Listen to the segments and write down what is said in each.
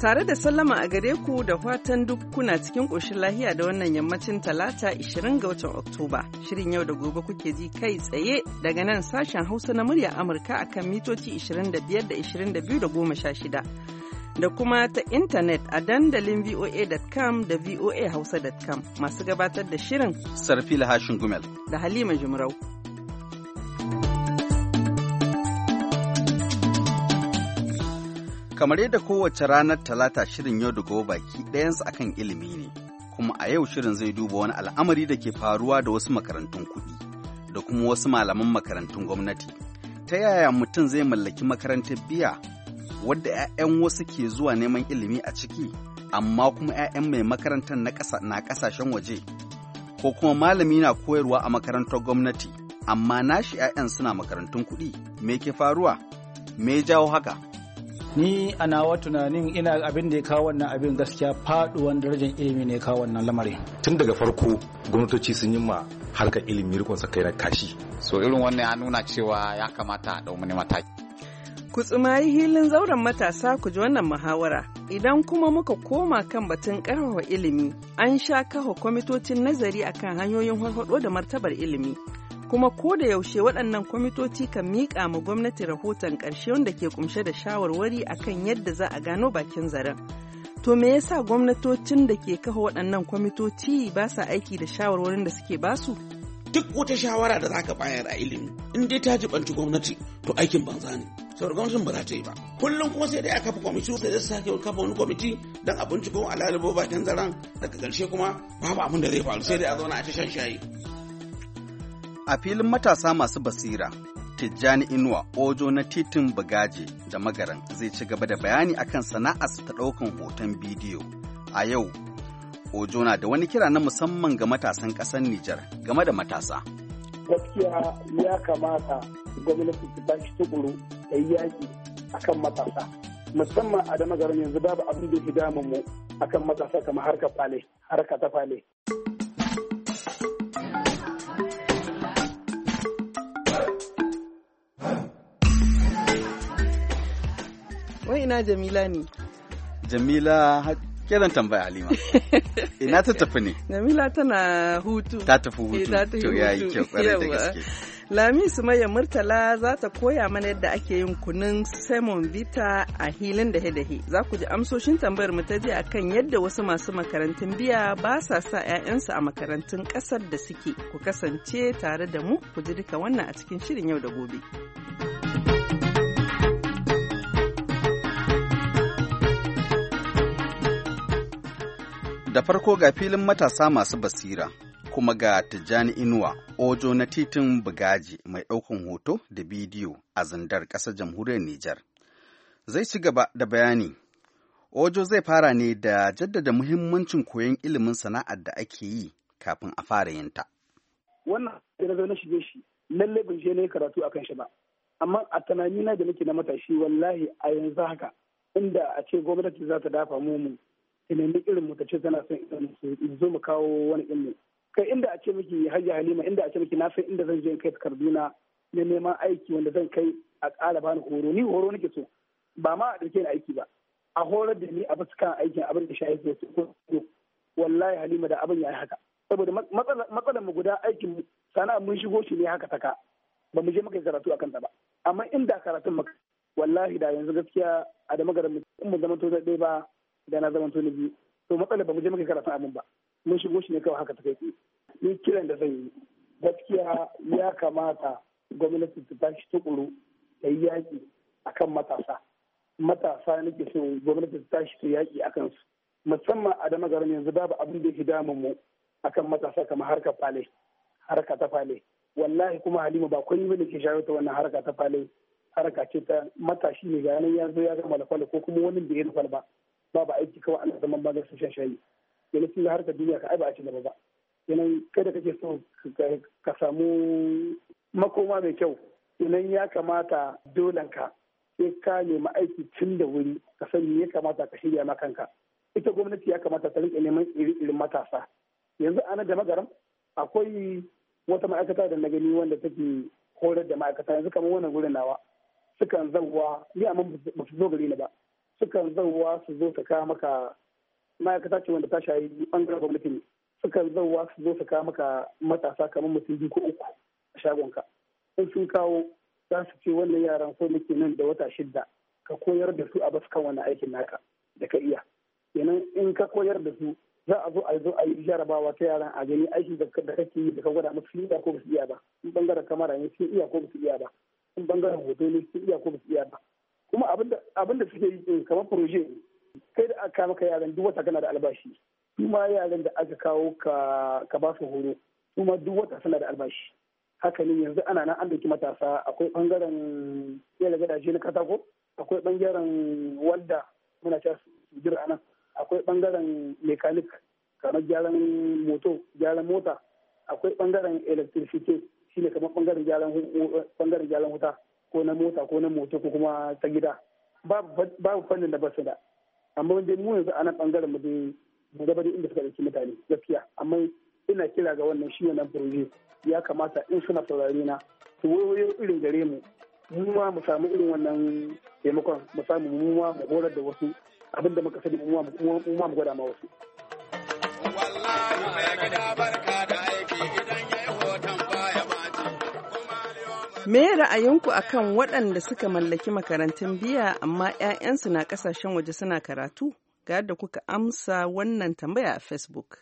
Tare da sallama a gare ku da fatan duk kuna cikin ƙoshin lahiya da wannan yammacin talata 20 ga watan Oktoba. Shirin yau da gobe kuke ji kai tsaye daga nan sashen Hausa na murya Amurka a kan mitoci 25 da 22 da Da kuma ta intanet a dandalin voa.com da voa hausa.com masu gabatar da shirin. Sarfila Hashin Gumel. Da Halima Jumrau. Kamar yadda kowace ranar talata shirin yau da gobe baki ɗayansu akan ilimi ne, kuma a yau shirin zai duba wani al'amari da ke faruwa da wasu makarantun kuɗi da kuma wasu malaman makarantun gwamnati. Ta yaya mutum zai mallaki makarantar biya wadda 'ya'yan wasu ke zuwa neman ilimi a ciki, amma kuma 'ya'yan mai makarantar na ƙasashen waje, ko kuma malami na koyarwa a makarantar gwamnati, amma nashi 'ya'yan suna makarantun kuɗi, me ke faruwa? Me jawo haka? ni a nawa tunanin ina abin da ya kawo wannan abin gaskiya faduwan darajar ilimi ne ya kawo wannan lamarin tun daga farko gwamnatoci sun yi ma harkar ilimi rikon sa kai kashi so irin wannan ya nuna cewa ya kamata a dau mataki Ku tsumayi hilin zauren matasa ku ji wannan muhawara. Idan kuma muka koma kan batun ƙarfafa ilimi, an sha kawo kwamitocin nazari akan hanyoyin hwaɗo da martabar ilimi. kuma ko da yaushe waɗannan kwamitoci kan miƙa ma gwamnati rahoton ƙarshe wanda ke kumshe da shawarwari akan yadda za a gano bakin zaren. To me yasa gwamnatocin da ke kafa waɗannan kwamitoci ba sa aiki da shawarwarin da suke basu? Duk wata shawara da zaka bayar a ilimi in dai ta jibanci gwamnati to aikin banza ne. Saboda gwamnatin ba za ta yi ba. Kullum kuma sai dai a kafa kwamiti da zai sake kafa wani kwamiti don a binciko a lalubo bakin zaren daga ƙarshe kuma babu abin da zai faru sai dai a zauna a ci shan shayi. A filin matasa masu basira, Tijjani Inuwa Ojo na titin Bugaje da Magaran zai ci gaba da bayani akan sana'ar ta ɗaukan hoton bidiyo. A yau, Ojo na da wani kira na musamman ga matasan ƙasar Nijar game da matasa. Gaskiya ya kamata gwamnati ta tashi tukuru da yaki akan matasa. Musamman a da magaran yanzu babu abin da ke damun mu akan matasa kamar harka fale, harka ta fale. Wai ina Jamila ne? Jamila kiran tambaya Halima. Ina ta tafi ne? Jamila tana hutu. Ta tafi hutu. Eh, to ya yi kyau kwarai da gaske. Lami Maya Murtala za ta koya mana yadda ake yin kunun Simon Vita a hilin da dahe Za ku ji amsoshin tambayar mu ta je kan yadda wasu masu makarantun biya ba sa sa 'ya'yansu a makarantun ƙasar da suke. Ku kasance tare da mu ku ji duka wannan a cikin shirin yau da gobe. da farko ga filin matasa masu basira kuma ga Tijjani Inuwa Ojo na titin Bugaji mai ɗaukan hoto da bidiyo a zandar ƙasar jamhuriyar Nijar. Zai ci gaba da bayani. Ojo zai fara ne da jaddada muhimmancin koyon ilimin sana'ar da ake yi kafin a fara yinta. Wannan da na shige shi lalle ban je yi karatu akan shi ba. Amma a na da nake na matashi wallahi a yanzu haka inda a ce gwamnati za ta dafa mu ta irin mu ta ce tana son mu zo mu kawo wani ilimi kai inda a ce miki hajji halima inda a ce miki na san inda zan je kai takarduna na neman aiki wanda zan kai a ƙara bani horo ni horo nake so ba ma a ɗauke ni aiki ba a horar da ni a bisa kan aikin abin da shayi ke so wallahi halima da abin ya yi haka saboda matsalar mu guda aikin sana mun shigo shi ne haka taka ba mu je muka karatu akan ta ba amma inda karatun maka wallahi da yanzu gaskiya a da magarin mu in mu zama to da ba da na zama tuni biyu to matsalar ba mu je muka karatun abin ba mun shigo shi ne kawai haka ta kai ni kiran da zan yi gaskiya ya kamata gwamnati ta tashi tukuru ta yi yaƙi akan matasa matasa nake so gwamnati ta tashi ta yaƙi akan su musamman a da garin yanzu babu abin da ke damun mu akan matasa kamar harkar fale harka ta fale wallahi kuma halima ba kun bane ke shayo ta wannan harka ta fale harka ce ta matashi ne ga nan ya zo ya gama da ko kuma wani da ya ba babu aiki kawai ana zaman ba su shan shayi Yana tun da harkar duniya ka ai ba a ci gaba ba yanayin kai da kake so ka samu makoma mai kyau yanayin ya kamata dolanka sai ka nemi aiki tun da wuri ka sani ya kamata ka shirya ma kanka ita gwamnati ya kamata ta rinka neman irin matasa yanzu ana da magaram akwai wata ma'aikata da na gani wanda take horar da ma'aikata yanzu kamar wannan gurin nawa sukan wa ni amma ba su zo gari ni ba sukan zauwa su zo su kawo maka ma'aikata ce wanda ta shayi bangaren gwamnati ne sukan zauwa su zo su kawo maka matasa kamar mutum biyu ko uku a shagonka in sun kawo za su ce wannan yaran ko nake nan da wata shidda ka koyar da su a basu kan wani aikin naka da ka iya kenan in ka koyar da su za a zo a zo a yi jarabawa ta yaran a gani aiki da kake yi da ka gwada musu iya ko ba su iya ba in bangaren kamara ne sun iya ko ba su iya ba in bangaren hoto ne sun iya ko ba su iya ba kuma abin da suke yi kamar proje kai da aka maka yaran duk wata kana da albashi kuma yaran da aka kawo ka ba su horo kuma duk wata suna da albashi haka ne yanzu ana nan an dauki matasa akwai bangaren yala gadaje na katako akwai bangaren walda muna cewa jira anan nan akwai bangaren mekanik kamar gyaran moto gyaran mota akwai bangaren electricity shine kamar bangaren gyaran wuta ko na mota ko na moto ko kuma ta gida babu fannin da basu da amma wanda mu yanzu a bangaren mu dai gaba da inda suka dauki mutane gaskiya amma ina kira ga wannan shi wannan furoje ya kamata in suna saurare na su wayoyin irin gare mu mu ma mu samu irin wannan taimakon mu samu mu ma mu horar da wasu abinda muka sani mu ma mu gwada ma wasu wallahi ya gada barka da Me ra'ayinku akan waɗanda suka mallaki makarantun biya amma 'ya'yansu na ƙasashen waje suna karatu? Ga da kuka amsa wannan tambaya a Facebook.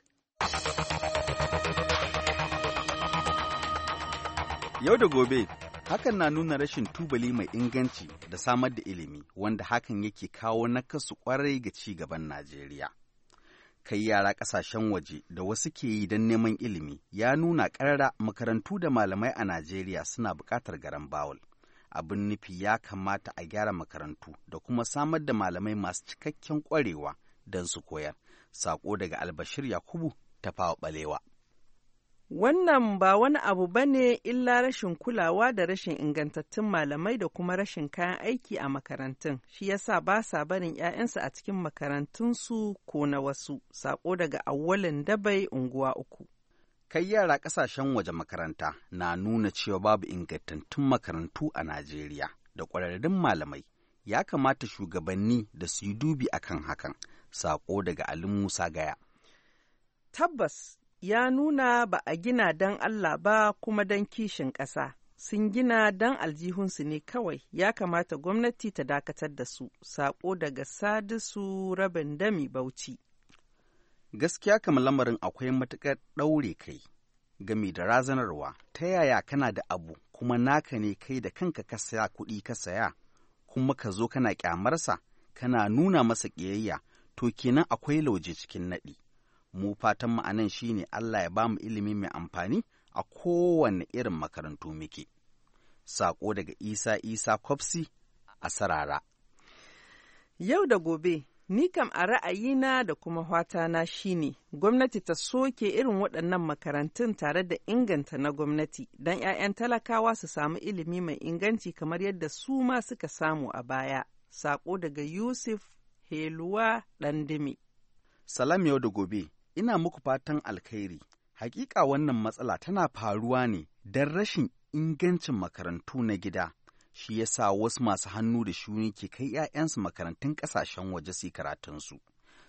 Yau da gobe, hakan na nuna rashin tubali mai inganci da samar da ilimi, wanda hakan yake kawo nakasu kwarai ga ci gaban Najeriya. kai yara ƙasashen waje da wasu ke yi don neman ilimi ya nuna ƙarara makarantu da malamai a Najeriya suna buƙatar garan bawul. Abin nufi ya kamata a gyara makarantu da kuma samar da malamai masu cikakken ƙwarewa don su koyar. Sako daga Albashir Yakubu ta fawa ɓalewa. Wannan ba wani abu ba ne illa rashin kulawa da rashin ingantattun malamai da kuma rashin kayan aiki a makarantun, shi yasa ba sa barin 'ya'yansu a cikin makarantunsu ko na wasu, sako daga awwalin dabai unguwa uku. Kai yara ƙasashen waje makaranta na nuna cewa babu ingantattun makarantu a Najeriya da ƙwararrun malamai, ya kamata shugabanni da su yi dubi akan hakan, sako daga Alin Musa Gaya. Tabbas ya nuna ba a gina don Allah ba kuma don kishin ƙasa. Sun gina don aljihunsu ne kawai, ya kamata gwamnati ta dakatar da su, saƙo daga sadisu rabin dami bauchi. Gaskiya kama lamarin akwai matuƙar ɗaure kai game da razanarwa, ta yaya kana da abu kuma naka ne kai da kanka ka saya kuɗi ka saya, kuma ka zo kana ƙyamarsa, kana nuna masa ƙiyayya, to kenan akwai lauje cikin naɗi. mu fatan mu anan shine Allah ya bamu ilimi mai amfani a kowane irin makarantu muke. Saƙo daga Isa Isa Kofsi a Sarara. Yau da gobe, ni kam a ra'ayina da kuma na shine gwamnati ta soke irin waɗannan makarantun tare da inganta na gwamnati don 'ya'yan talakawa su samu ilimi mai inganci kamar yadda su ma suka samu a baya. Saƙo daga Yusuf Heluwa Ɗandimi. Salam yau da gobe, ina muku fatan alkhairi. Hakika wannan matsala tana faruwa ne don rashin ingancin makarantu na gida. Shi ya sa wasu masu hannu da shuni ke kai 'ya'yansu makarantun ƙasashen waje su karatunsu.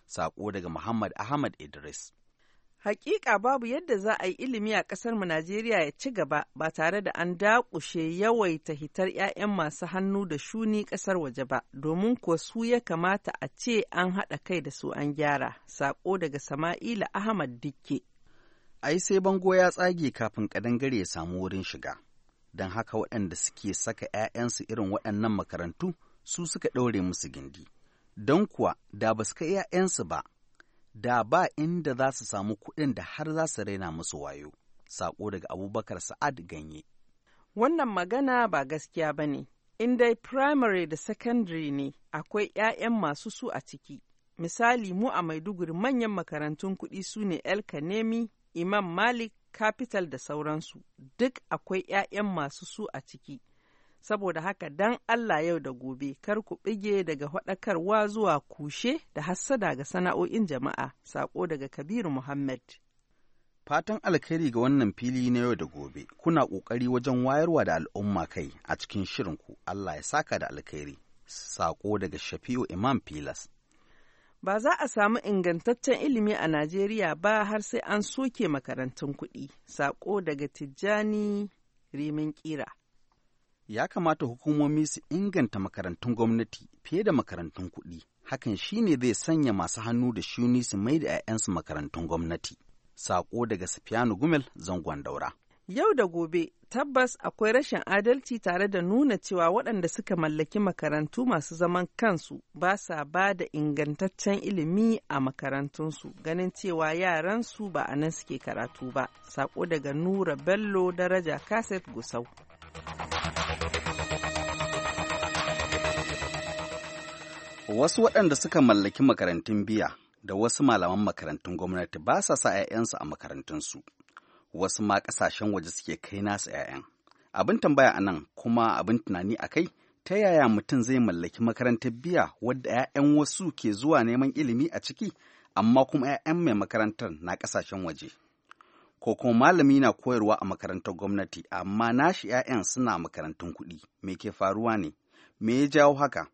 Saƙo daga Muhammad Ahmad Idris. Hakika babu yadda za a yi ilimi a ƙasar mu Najeriya ya ci gaba ba tare da an dakushe yawaita hitar 'ya'yan masu hannu da shuni ƙasar waje ba, domin kuwa su ya kamata a ce an haɗa kai da su an gyara. Sako daga Sama'ila Ahmad Dikke. Ai sai bango ya tsage kafin kadangare ya samu wurin shiga. Don haka waɗanda suke saka 'ya'yansu irin waɗannan makarantu su suka ɗaure musu gindi. Don kuwa da ba su kai 'ya'yansu ba, da ba inda za su samu kuɗin da har za su raina musu wayo. Saƙo daga Abubakar Sa'ad Ganye. Wannan magana ba gaskiya ba ne, in dai primary da secondary ne akwai 'ya'yan masu su a ciki. Misali mu a Maiduguri manyan makarantun kuɗi su ne El Kanemi, Imam Malik, Capital da sauransu, duk akwai 'ya'yan masu su a ciki. saboda haka dan Allah yau da gobe kar ku bige daga hadakarwa zuwa kushe da hassada ga sana'o'in jama'a sako daga Kabiru Muhammad. Fatan alkhairi ga wannan fili na yau da gobe kuna ƙoƙari wajen wayarwa da al'umma kai a cikin shirinku Allah ya saka da alkhairi sako daga Shafi'u Imam Filas. Ba za a samu ingantaccen ilimi a Najeriya ba har sai an soke makarantun kuɗi, saƙo daga Tijjani Rimin Kira. ya kamata hukumomi su inganta makarantun gwamnati fiye da makarantun kuɗi. Hakan shi ne zai sanya masu hannu da shuni su mai da 'ya'yansu makarantun gwamnati. Saƙo daga Sufiyanu Gumel zangon daura. Yau da gobe tabbas akwai rashin adalci tare da nuna cewa waɗanda suka mallaki makarantu masu zaman kansu ba sa ba da ingantaccen ilimi a makarantunsu ganin cewa yaransu ba a nan suke karatu ba. saƙo daga Nura Bello daraja kaset Gusau. Wasu waɗanda suka mallaki makarantun biya da wasu malaman makarantun gwamnati ba sa sa 'ya'yansu a makarantunsu, wasu ma ƙasashen waje suke kai nasu 'ya'yan. Abin tambaya a nan kuma abin tunani a kai, ta yaya mutum zai mallaki makarantar biya wadda 'ya'yan wasu ke zuwa neman ilimi a ciki, amma kuma 'ya'yan mai makarantar na ƙasashen waje. Ko kuma malami na koyarwa a makarantar gwamnati, amma nashi 'ya'yan suna makarantun kuɗi, me ke faruwa ne? Me ya jawo haka?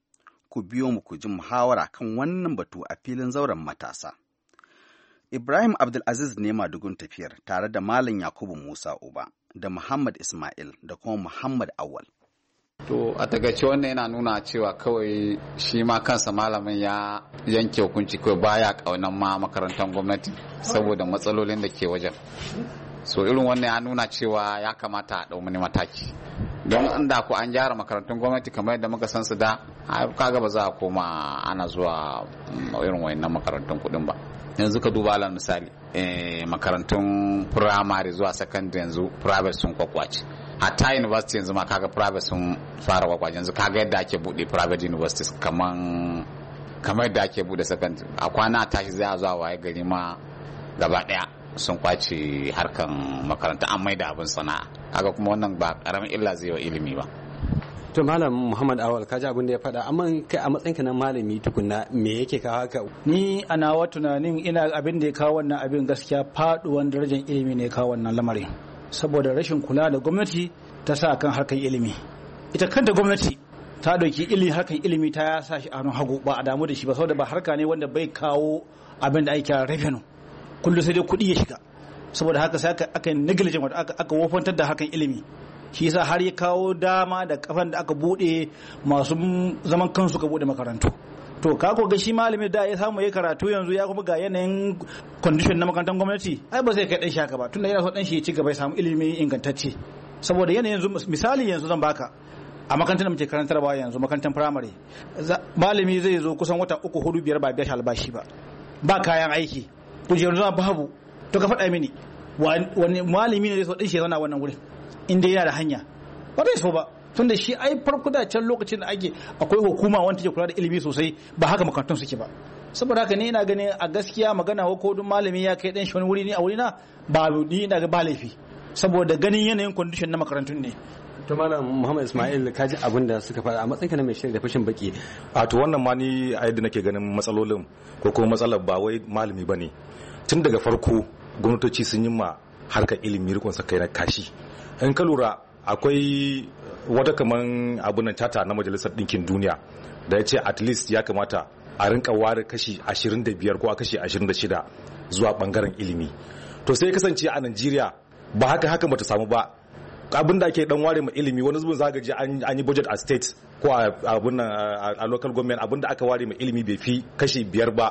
ku biyo mu ku ji muhawara kan wannan batu a filin zauren matasa. Ibrahim Abdulaziz ne madugun tafiyar tare da Malam Yakubu Musa Uba da Muhammad Ismail da kuma Muhammad Awal. To a tagace wannan yana nuna cewa kawai shi ma kansa malamin ya yanke hukunci kawai baya kaunan ma makarantar gwamnati saboda matsalolin da ke wajen. So irin wannan ya nuna cewa ya kamata a ɗau mataki. don an da ku an gyara makarantun gwamnati kamar yadda muka san su da kaga ba za a koma ana zuwa mm, irin wayannan makarantun kuɗin ba yanzu ka duba alal misali eh, makarantun firamare zuwa sakandare yanzu private sun kwakwace hatta university yanzu ma kaga private sun fara kwakwace yanzu kaga yadda ake buɗe private universities kaman kamar yadda ake buɗe sakandare a kwana tashi zai a zuwa waye gari ma gaba daya sun kwace harkan makaranta an maida abin sana'a kaga kuma wannan ba karamin illa zai wa ilimi ba to malam muhammad awal kaji abin da ya faɗa amma kai a matsayinka na malami tukunna me yake kawo haka ni ana wa tunanin ina abin da ya kawo wannan abin gaskiya faduwan darajar ilimi ne kawo wannan lamarin saboda rashin kula da gwamnati ta sa kan harkar ilimi ita kanta gwamnati ta ɗauki ilimi harkar ilimi ta ya sa shi a hannun hagu ba a damu da shi ba saboda ba harka ne wanda bai kawo abin da ake kira revenue kullum sai dai kuɗi ya shiga saboda haka sai aka aka negligent wato aka aka wofantar da hakan ilimi shi yasa har ya kawo dama da kafan da aka bude masu zaman kansu ka bude makarantu to ka ga shi malami da ya samu ya karatu yanzu ya kuma ga yanayin condition na makarantar gwamnati ai ba zai kai dan shaka ba tunda yana so dan shi ya ci gaba ya samu ilimi ingantacce saboda yanayin yanzu misali yanzu zan baka a makarantar da muke karantarwa yanzu makarantar firamare malami zai zo kusan wata uku hudu biyar ba biya shi albashi ba ba kayan aiki to yanzu babu to ka faɗa mini wani malami ne zai shi zauna wannan wurin inda yana da hanya ba zai so ba tunda da shi ai farko da can lokacin da ake akwai hukuma wanda take kula da ilimi sosai ba haka makarantun suke ba saboda haka ne ina ganin a gaskiya magana ko duk malami ya kai dan shi wani wuri ne a na, ba ni ina ga ba laifi saboda ganin yanayin condition na makarantun ne to malam muhammad ismail ka ji abin da suka faɗa a matsayinka na mai shirya da fashin baki a to wannan ma ni a yadda nake ganin matsalolin ko kuma matsalar ba wai malami bane tun daga farko gwamnatoci sun yi ma harkar ilimi rikon sa kai na kashi in ka lura akwai wata kaman abu nan tata na majalisar ɗinkin duniya da ya ce at least ya kamata a rinka ware kashi 25 ko a kashi 26 zuwa bangaren ilimi to sai kasance a Najeriya ba haka haka bata samu ba abin da ake dan ware ma ilimi wani zubin zaka ji an yi budget a state ko a local government abin da aka ware ma ilimi bai fi kashi biyar ba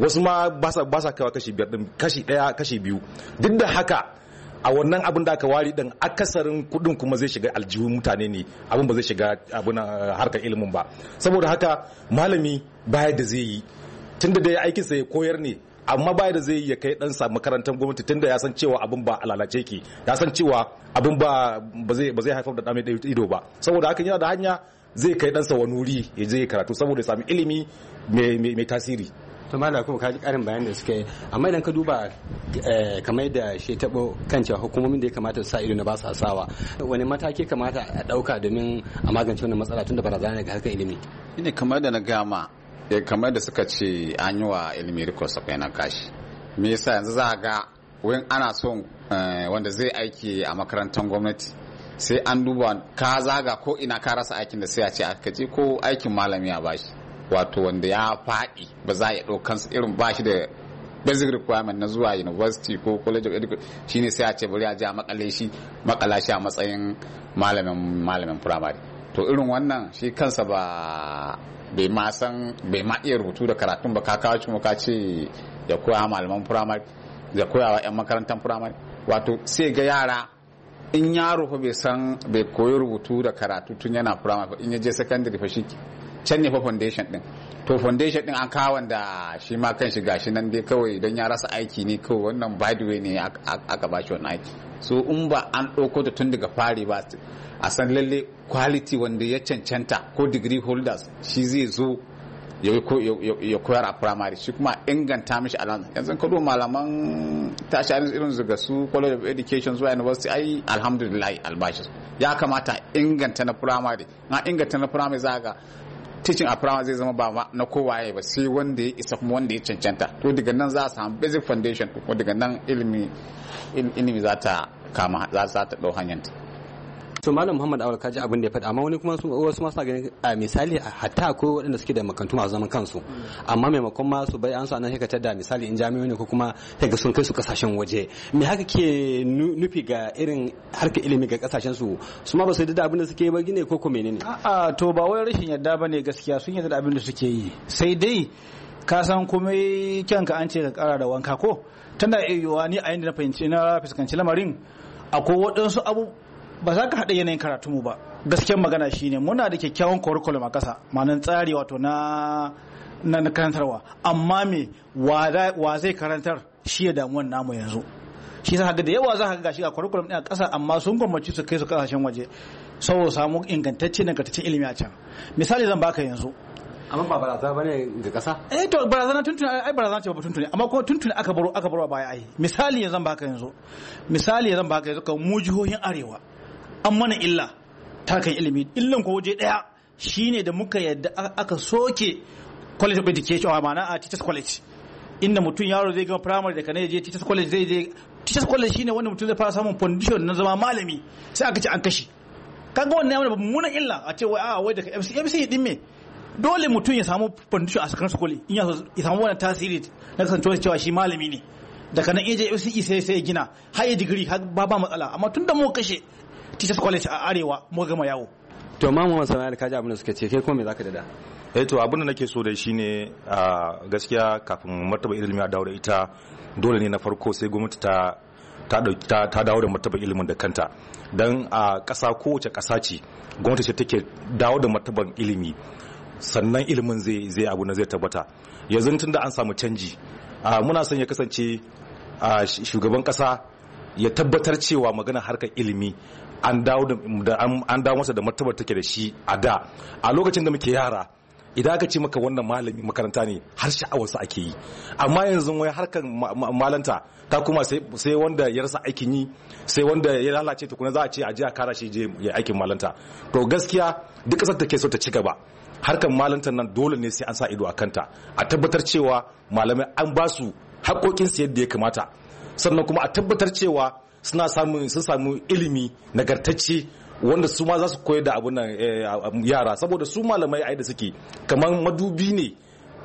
wasu ma ba sa kawa kashi biyar din kashi daya kashi biyu duk da haka a wannan abin da aka ware din akasarin kudin kuma zai shiga aljihun mutane ne abin ba zai shiga abin harkar ilimin ba saboda haka malami baya da zai yi tunda da ya aikinsa ya koyar ne amma ba da zai ya kai dan sa makarantar gwamnati tunda ya san cewa abin ba alalace ki ya san cewa abin ba ba zai haifar da dame ido ba saboda haka yana da hanya zai kai ɗansa wani wuri ya je karatu saboda ya sami ilimi mai tasiri to malam kuma kaji karin bayanin da suka yi amma idan ka duba eh, kamar da shi tabo kan cewa hukumomin da ya kamata su sa ido na ba su asawa wani mataki kamata a dauka domin a magance wannan matsala tun da barazana ga harkar ilimi ne kamar da na gama Eh, kamar da suka ce an yi wa ilimi rikon sakwai na kashi me yasa yanzu za ga wurin ana son eh, wanda zai aiki a makarantar gwamnati sai an duba ka zaga ko ina ka rasa aikin da sai a ce a je ko aikin malami a bashi wato wanda ya faɗi ba za a iya ɗaukan irin bashi da basic requirement na zuwa university ko college of education shine sai a ce bari a je a makale shi makala shi a matsayin malamin malamin primary to irin wannan shi kansa ba bai ma san bai ma iya rubutu da karatun ba ka kawo ka ce ya koya malaman firamare ya koya wa 'yan makarantar firamare wato sai ga yara in yaro fa bai san bai koyi rubutu da karatu tun yana firamare ba in ya je secondary fa shi can ne fa foundation din to foundation din an kawo wanda shi ma kan shi nan dai kawai don ya rasa aiki ne kawai wannan by the way ne aka bashi wani wannan aiki so in ba an ɗauko da tun daga fari ba a san lalle quality wanda ya cancanta ko degree holders shi zai zo ya koyar a primary shi kuma inganta mishi alam yanzu ka malaman tasharin irin zuga su college of education zuwa university ai alhamdulillah albashi ya kamata inganta na primary na inganta na primary za ga teaching a primary zai zama ba na kowaye ba sai wanda ya isa kuma wanda ya cancanta to daga nan za a samu basic foundation ko daga nan ilimi ilimi za ta kama za ta ɗau hanyarta to malam muhammad awal kaji abin da ya faɗa amma wani kuma wasu ma suna ganin a misali hatta ko waɗanda suke da makantu masu zaman kansu amma maimakon ma su bai an nan anan ta da misali in jami'o ne ko kuma daga sun kai su kasashen waje me haka ke nufi ga irin harkar ilimi ga kasashen su su ma ba su yarda da abin da suke ba gine ko ko menene a'a to ba wai rashin yarda bane gaskiya sun yarda da abin da suke yi sai dai ka san komai kyanka an ce ka kara da wanka ko tana iya ni a yadda na fahimci na fuskanci lamarin akwai waɗansu abu ba za ka haɗa yanayin karatu mu ba gaskiyar magana shine muna da kyakkyawan curriculum a ƙasa ma'anin tsari wato na na karantarwa amma me wa zai karantar shi ya damuwan namu yanzu shi sa da yawa za ka gashi a curriculum ɗin a ƙasa amma sun gwamnati su kai su ƙasashen waje saboda samu ingantacce nagartaccen ilimi a can misali zan baka yanzu amma ba barazana bane ga kasa eh to barazana tuntuni ai barazana ce ba tuntuni amma ko tuntuni aka baro aka baro baya ai misali yanzu baka yanzu misali yanzu baka yanzu kan mu jihohin arewa an mana illa kan ilimi illan ko waje daya shine da muka yadda aka soke college of education ma'ana a teachers college inda mutum yaro zai gama primary da ne je teachers college zai je teachers college shine wanda mutum zai fara samun foundation na zama malami sai aka ce an kashi kaga wannan yana munan illa a ce wai a wai daga MC MC din me dole mutum ya samu foundation a sakan school in ya samu wani tasiri na kasancewa cewa shi malami ne daga nan je FCE sai sai gina har yi digiri har ba ba matsala amma tun da mu kashe tisa college a arewa mu gama yawo to ma mu masana da kaji abin da suka ce kai ko me zaka dada eh to abin da nake so dai shine a gaskiya kafin martaba ilimi a dawo da ita dole ne na farko sai gwamnati ta ta dawo da martaba ilimin da kanta Dan a ƙasa kowace kasa ce gwamnati ce take dawo da martabar ilimi sannan ilimin zai zai abu na zai tabbata yanzu tun da an samu canji muna son ya kasance shugaban kasa ya tabbatar cewa magana harkar ilimi an dawo masa da martabar take da shi a da a lokacin da muke yara idan aka ce maka wannan malami makaranta ne har sha'awarsa ake yi amma yanzu wai harkar malanta ta kuma sai wanda ya rasa aikin yi sai wanda ya lalace tukuna za a ce a je a kara shi je ya aikin malanta to gaskiya duk kasar take so ta ci gaba harkar malantar nan dole ne sai an sa ido a kanta a tabbatar cewa malamai an ba su haƙoƙinsu yadda ya kamata sannan kuma a tabbatar cewa suna samun sun samu ilimi nagartacce wanda su ma za su koyar da abun eh, yara saboda su malamai ai da suke kamar madubi ne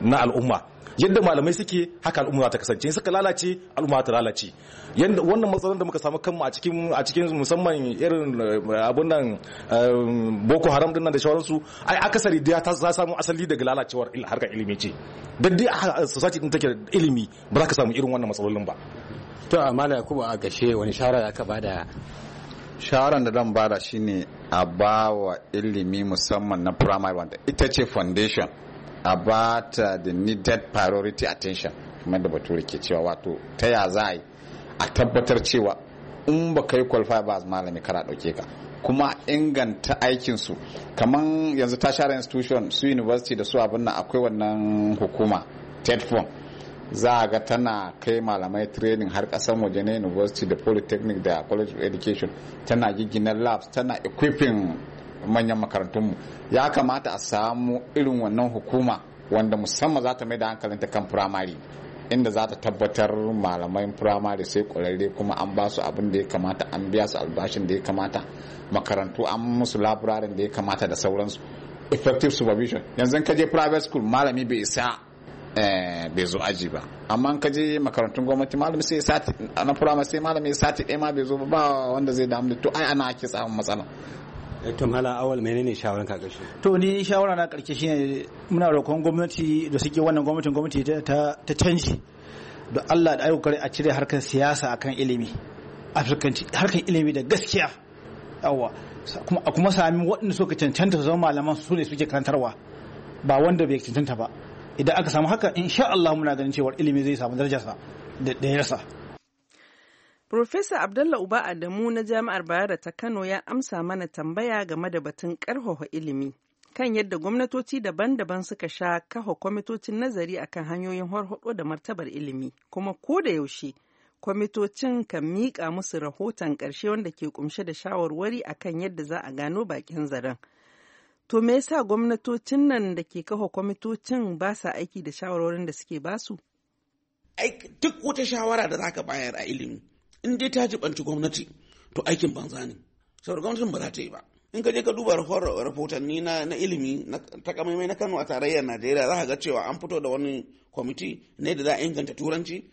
na al'umma yadda malamai suke haka al'umma ta kasance in suka lalace al'umma ta lalace yadda wannan matsalar da muka samu kanmu a cikin a cikin musamman irin eh, abun nan eh, boko haram din nan da shawararsu ai akasari da ta samu asali daga lalacewar harkar ilimi ce da dai society din take ilimi ba za ka samu irin wannan matsalolin ba to amma da kuma a gashe wani shawara aka bada shawaran da zan bada shine a bawa ilimi musamman na primary wanda ita ce foundation a ba ta da needed priority attention kamar da bature ke cewa wato ta ya za a yi a tabbatar cewa in ba kai qualify ba malami kara dauke ka kuma inganta aikin su kamar yanzu ta share institution su university da su abin nan akwai wannan hukuma form za a ga tana kai malamai training har kasan waje na university da polytechnic da college of education tana giginar labs tana equipping manyan makarantunmu ya kamata a samu irin wannan hukuma wanda musamman za ta mai da hankalinta kan firamare inda za ta tabbatar malamai firamare sai kwararre kuma an ba su abin da ya kamata an biya su albashin da ya kamata makarantu an musu labirarin da ya kamata da sauransu effective supervision yanzu ka je private school malami bai isa eh, bai zo aji ba amma ka je makarantun gwamnati malami sai sati na firamare sai malami sati ɗaya ma bai zo ba wanda zai damu to ai ana ake samun matsala Eh, to hala awal menene shawaran ka karshe to ni shawara na karshe shine muna roƙon gwamnati da suke wannan gwamnatin gwamnati ta canji da Allah da ayyukan a cire harkar siyasa akan ilimi harkar ilimi da gaskiya yawa a kuma sami waɗanda suka cancanta su zama malaman su ne suke karantarwa ba wanda bai cancanta ba idan aka samu haka insha Allah muna ganin cewar ilimi zai samu darajarsa da yarsa. Profesa Abdalla Uba Adamu na Jami'ar Bayero ta Kano ya amsa mana tambaya game da batun karfafa ilimi kan yadda gwamnatoci daban-daban suka sha kafa kwamitocin nazari akan hanyoyin harhaɗo da martabar ilimi kuma ko da yaushe kwamitocin kan miƙa musu rahoton ƙarshe wanda ke kumshe da shawarwari akan yadda za a gano bakin zaren. To me yasa gwamnatocin nan da ke kafa kwamitocin ba sa aiki da shawarwarin da suke basu? Duk wata shawara da zaka bayar a ilimi in dai ta jibanci gwamnati to aikin banza ne saboda gwamnatin ba za ta yi ba in ka je ka duba rahotanni na, na ilimi takamaimai na kano a tarayyar najeriya za ka ga cewa an fito da wani kwamiti ne da za a inganta turanci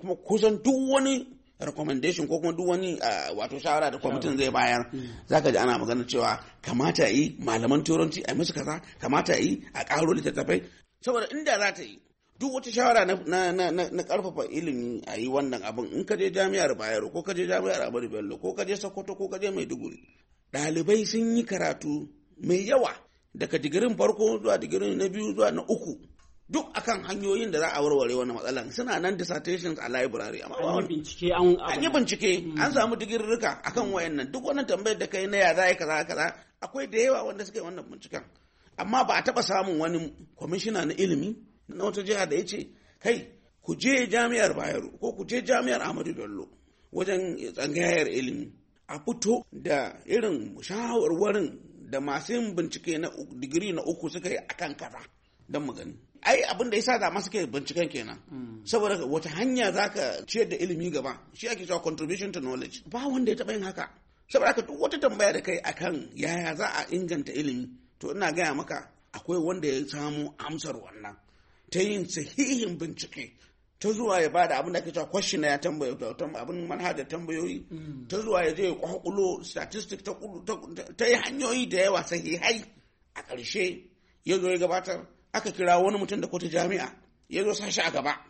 kuma kusan duk wani recommendation ko kuma duk wani wato shawara da kwamitin zai bayar za ka ji ana magana cewa kamata yi malaman turanci a musu kaza kamata yi a karo littattafai saboda inda za ta yi duk wata shawara na na na karfafa ilimi a yi wannan abin in kaje jami'ar Bayero ko kaje je jami'ar Ahmadu Bello ko kaje je Sokoto ko ka mai duguri. ɗalibai sun yi karatu mai yawa daga digirin farko zuwa digirin na biyu zuwa na uku duk akan hanyoyin da za a warware wani matsala suna nan dissertations a library amma an bincike an an yi bincike hmm. an samu digirrika akan wayannan duk wannan tambayar da kai na ya za kaza kaza akwai da yawa wanda suka wannan binciken amma ba a taba samun wani kwamishina na ilimi na wata jiha da ya ce kai ku je jami'ar bayero ko ku je jami'ar Amadu bello wajen tsangayar ilimi a fito da irin shawarwarin da masu yin bincike na digiri na uku suka yi akan kaza don mu gani ai abin da yasa da masu suke binciken kenan hmm. saboda wata hanya zaka ciyar da ilimi gaba shi ake cewa contribution to knowledge ba wanda ya taba yin haka saboda ka duk wata tambaya da kai akan yaya za a inganta ilimi to ina gaya maka akwai wanda ya samu amsar wannan ta yin sahihin bincike ta zuwa ya bada abin da ake cewa question ya tambaye abin manhaja tambayoyi mm. ta zuwa ya je ya kwakulo statistic ta yi hanyoyi da yawa sahihai a ƙarshe ya zo ya gabatar aka kira wani mutum da kota jami'a ya zo sashi a gaba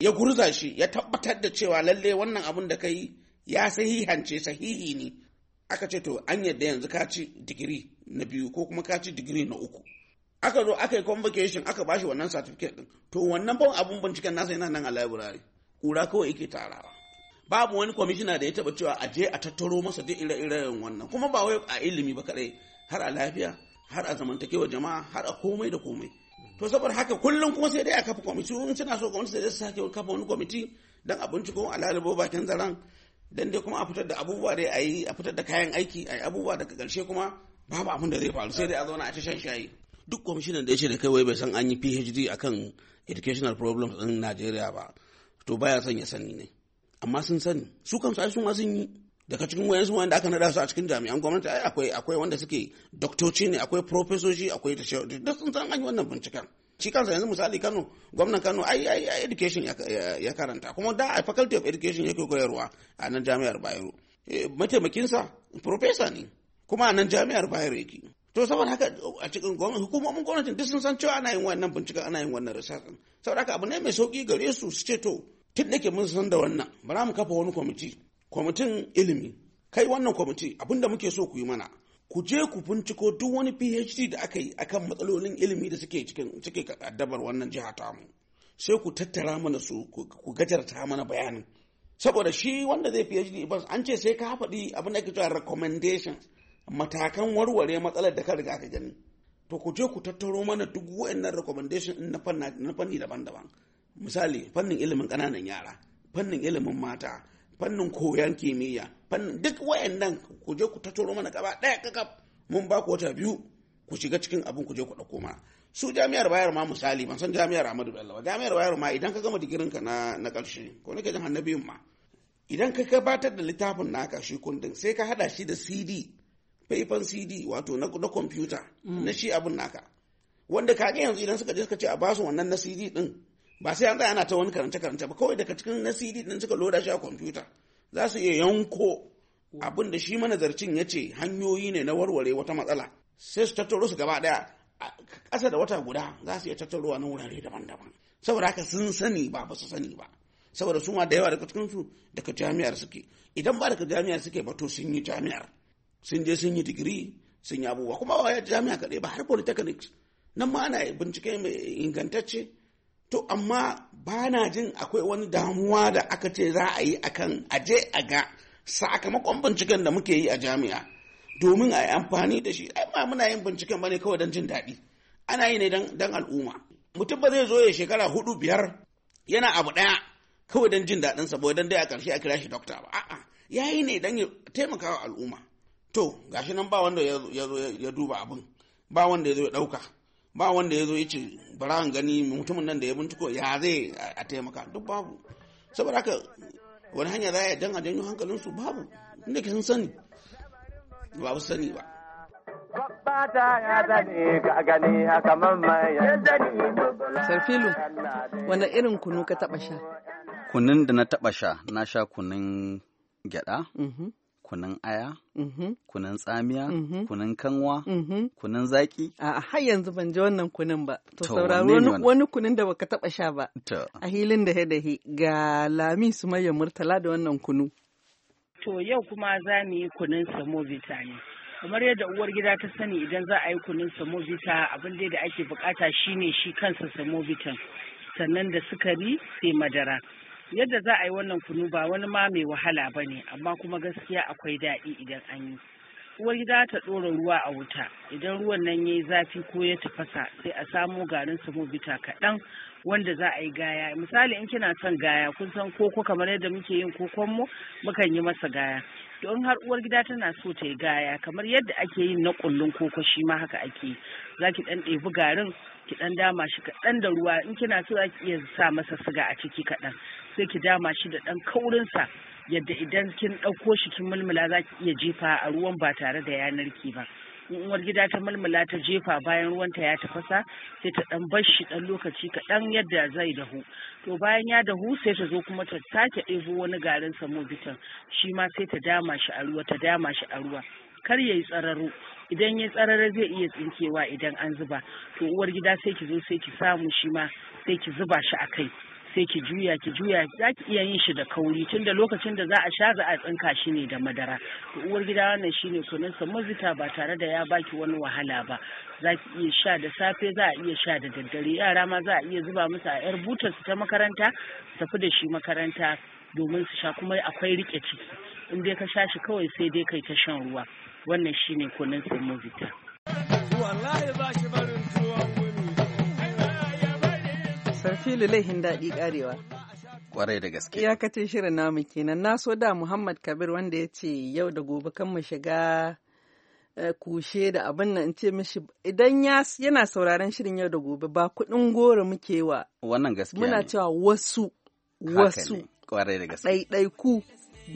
ya gurza shi ya tabbatar da cewa lalle wannan abin da ka yi ya sahihance sahihi ne aka ce to an yadda yanzu ka ci digiri na biyu ko kuma ka ci digiri na uku aka zo aka yi convocation aka bashi wannan certificate din to wannan ban abun binciken nasa yana nan a library kura kawai yake tarawa babu wani commissioner da ya taba cewa a je a tattaro masa duk ire-iren wannan kuma ba wai a ilimi ba kadai har a lafiya har a zamantakewa jama'a har a komai da komai to saboda haka kullum kuma sai dai a kafa kwamiti in suna so gwamnati sai dai su sake kafa wani kwamiti dan a binciko a lalubo bakin zaren dan dai kuma a fitar da abubuwa dai a yi a fitar da kayan aiki a yi abubuwa daga karshe kuma babu abin da zai faru sai dai a zauna a ta shan shayi duk kwamishinan da ya ce da kai wai bai san an yi phd akan educational problems din najeriya ba to baya son ya sani ne amma sun sani su kansu ai su ma sun yi daga cikin su wanda aka nada su a cikin jami'an gwamnati ai akwai akwai wanda suke doktoci ne akwai profesoshi akwai da sun san an yi wannan binciken shi kansa yanzu misali Kano gwamnan Kano ai ai education ya karanta kuma da a faculty of education yake koyarwa a nan jami'ar Bayero eh, sa professor ne kuma a nan jami'ar Bayero yake to saboda haka a cikin gwamnati hukumomin gwamnatin duk sun san cewa ana yin wannan binciken ana yin wannan rashin saboda haka abu ne mai sauki gare su su ce to tun da mun san da wannan bara mu kafa wani kwamiti kwamitin ilimi kai wannan kwamiti abinda muke so ku yi mana ku je ku binciko duk wani phd da aka yi akan matsalolin ilimi da suke cikin suke addabar wannan jiha ta mu sai ku tattara mana su ku gajarta mana bayanin saboda shi wanda zai phd bas an ce sai ka faɗi abin da ake cewa recommendations matakan warware matsalar da ka riga ka gani to ku je ku tattaro mana duk wayannan recommendation din na fanni daban-daban misali fannin ilimin ƙananan yara fannin ilimin mata fannin koyon kimiyya fannin duk wayannan ku je ku tattaro mana gaba ɗaya kakaf mun ba ku wata biyu ku shiga cikin abin ku je ku dauko mana su jami'ar bayar ma misali ban san jami'ar Ahmadu Bello ba jami'ar bayar ma idan ka gama digirin ka na na ƙarshe ko nake jin annabiyun ma idan ka gabatar da littafin naka shi kundin sai ka hada shi da CD faifan cd wato na kwamfuta na shi abin naka wanda kaga yanzu idan suka suka ce a basu wannan na cd din ba sai an tsaya ana ta wani karanta karanta ba kawai daga cikin na cd din suka loda shi a kwamfuta za su iya yanko abin da shi manazarcin ya ce hanyoyi ne na warware wata matsala sai su tattaro su gaba daya ƙasa da wata guda za su iya tattarowa na wurare daban-daban saboda haka sun sani ba ba su sani ba saboda su ma da yawa daga cikinsu daga jami'ar suke idan ba daga jami'ar suke ba to sun yi jami'ar sun je sun yi digiri sun yi abubuwa kuma ba jami'a kaɗai ba har polytechnics nan ma ana bincike mai ingantacce to amma ba na jin akwai wani damuwa da aka ce za a yi akan aje a ga sakamakon binciken da muke yi a jami'a domin a yi amfani da shi ai ma muna yin binciken bane kawai don jin daɗi ana yi ne don al'umma mutum ba zai zo ya shekara hudu biyar yana abu ɗaya kawai don jin daɗinsa ba don dai a ƙarshe a kira shi dokta ba a'a ya yi ne don ya taimaka wa al'umma to gashi nan ba wanda ya duba abin ba wanda ya zo ya dauka ba wanda ya zo ya ce bara gani mutumin nan da ya binciko ya zai a taimaka duk babu saboda haka wani hanya za a dan a janyo hankalin su babu inda ke sun sani ba su sani ba Sarfilu, wanda irin kunu ka taɓa sha? Kunun da na taɓa sha, na sha kunun gyaɗa, mm-hmm. Kunan aya, mm-hmm. kunan tsamiya, mm-hmm. kunun kanwa, mm-hmm. kunun zaki. A har yanzu ban ji wannan kunun ba. To sauraro wani kunun da baka taba sha ba. A hilin da dahe ga Lami su maye Murtala da wannan kunu. To yau kuma za mu yi kunun samovita ne. kamar yadda uwar gida ta sani idan za a yi kunun samovita abin da ake bukata shine shi kansa samovitan sannan da sukari sai madara yadda za a yi wannan kunu ba wani ma mai wahala ba ne amma kuma gaskiya akwai daɗi idan an yi uwar gida ta ɗora ruwa a wuta idan ruwan nan ya yi zafi ko ya tafasa sai a samo garin bita kaɗan wanda za a yi gaya misali in kina son gaya kun san koko kamar yadda muke yin kokon mu mukan yi masa gaya to in har uwar gida tana so ta yi gaya kamar yadda ake yin na kullun koko shi ma haka ake yi za ki ɗan ɗebi garin ki ɗan dama shi kaɗan da ruwa in kina so za ki iya sa masa suga a ciki kaɗan sai ki dama shi da ɗan kaurinsa yadda idan kin ɗauko shi kin mulmula za ki iya jefa a ruwan ba tare da yanar ki ba in uwar gida ta mulmula ta jefa bayan ruwanta ya tafasa sai ta ɗan bar shi ɗan lokaci kaɗan yadda zai dahu to bayan ya dahu sai ta zo kuma ta sake ɗebo wani garin samobitan shi ma sai ta dama shi a ruwa ta dama shi a ruwa kar ya yi tsararo idan ya tsararo zai iya tsinkewa idan an zuba to uwar gida sai ki zo sai ki samu shi ma sai ki zuba shi a kai sai ki juya ki juya za ki iya yin shi da kauri tun da lokacin da za a sha za a tsinka shi ne da madara to uwar gida wannan shine sa mazita ba tare da ya baki wani wahala ba za ki iya sha da safe za a iya sha da daddare yara ma za a iya zuba musu a yar butar su ta makaranta tafi da shi makaranta domin su sha kuma akwai rike ciki in dai ka sha shi kawai sai dai kai ta shan ruwa wannan shine kunun mazita. wallahi ba shi barin tuwon fili laihin daɗi karewa. Kwarai da gaske. Iyakacin shirin namu kenan. Na so da Muhammad Kabir wanda ya ce yau da gobe kan mu shiga eh, kushe da abin nan in ce mishi idan yana sauraron shirin yau da gobe ba kuɗin gore muke wa. Wannan gaskiya Muna cewa wasu. Wasu. Kwarai da gaske. Ɗaiɗaiku.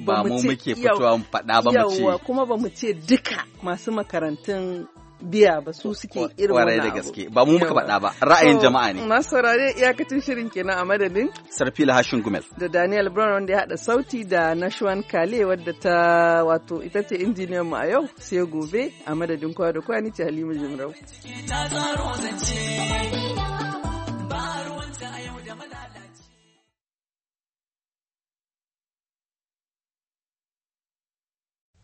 Ba mu muke fitowa mu faɗa ba mu ce. Yawwa kuma ba mu ce duka masu makarantun biya ba su suke irin wannan da gaske ba mu muka faɗa ba ra'ayin jama'a ne masu saurare iyakacin shirin kenan a madadin Lahashin gumel da daniel brown wanda ya haɗa sauti da nashwan kale wadda ta wato ita ce injiniyan mu a yau sai gobe a madadin kowa da kowa ni ce halima jimrau